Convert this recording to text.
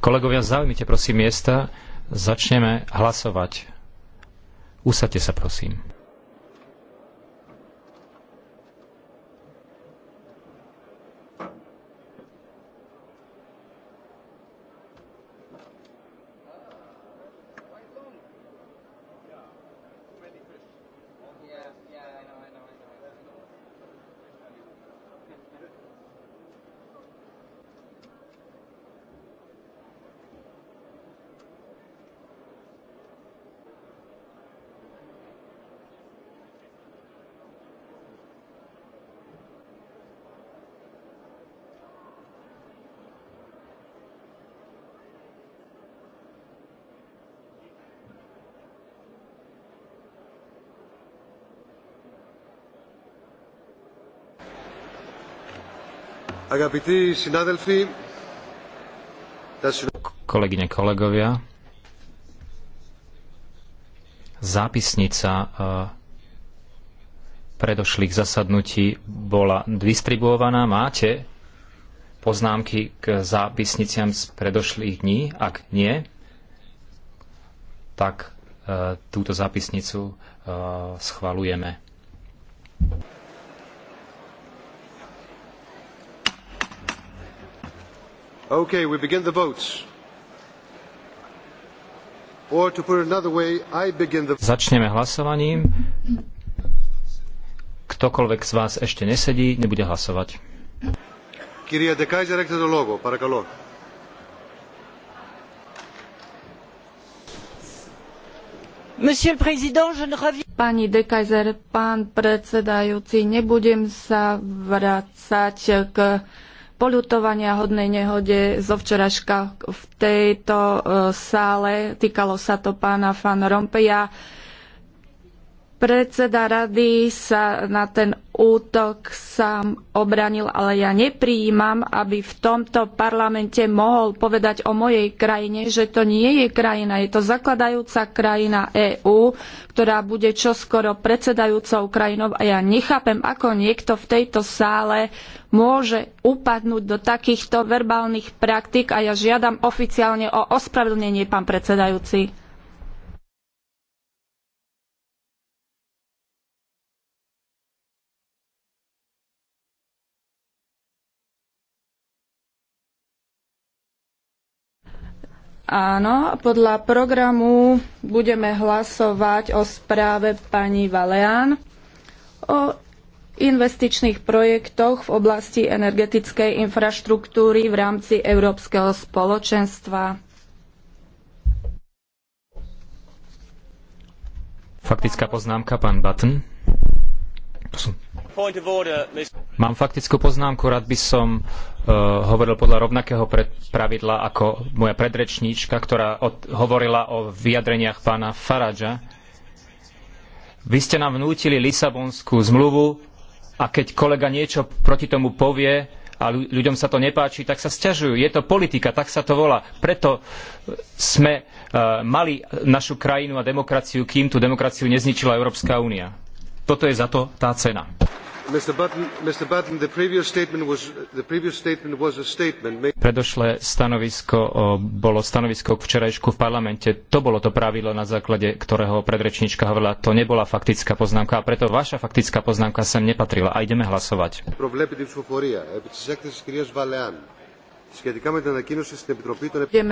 Kolegovia, zaujmite prosím miesta. Začneme hlasovať. Usadte sa prosím. Kolegyne, kolegovia, zápisnica e, predošlých zasadnutí bola distribuovaná. Máte poznámky k zápisniciam z predošlých dní? Ak nie, tak e, túto zápisnicu e, schvalujeme. Okay, we begin the votes. Or to put another way, I begin the... Začneme hlasovaním. Ktokoľvek z vás ešte nesedí, nebude hlasovať. de Kaiser, Pani de Kaiser, pán predsedajúci, nebudem sa vracať k polutovania hodnej nehode zo včeraška v tejto e, sále. Týkalo sa to pána Fan Rompeja. Predseda rady sa na ten útok sám obranil, ale ja neprijímam, aby v tomto parlamente mohol povedať o mojej krajine, že to nie je krajina. Je to zakladajúca krajina EÚ, ktorá bude čoskoro predsedajúcou krajinou a ja nechápem, ako niekto v tejto sále môže upadnúť do takýchto verbálnych praktik a ja žiadam oficiálne o ospravedlnenie, pán predsedajúci. Áno, podľa programu budeme hlasovať o správe pani Valeán o investičných projektoch v oblasti energetickej infraštruktúry v rámci Európskeho spoločenstva. Faktická poznámka, pán Button. Mám faktickú poznámku, rád by som e, hovoril podľa rovnakého pravidla ako moja predrečníčka, ktorá hovorila o vyjadreniach pána Faradža. Vy ste nám vnútili Lisabonskú zmluvu a keď kolega niečo proti tomu povie a ľuďom sa to nepáči, tak sa sťažujú. Je to politika, tak sa to volá. Preto sme e, mali našu krajinu a demokraciu, kým tú demokraciu nezničila Európska únia. Toto je za to tá cena. Predošlé stanovisko bolo stanovisko k včerajšku v parlamente. To bolo to pravidlo, na základe ktorého predrečníčka hovorila. To nebola faktická poznámka a preto vaša faktická poznámka sem nepatrila. A ideme hlasovať. Ideme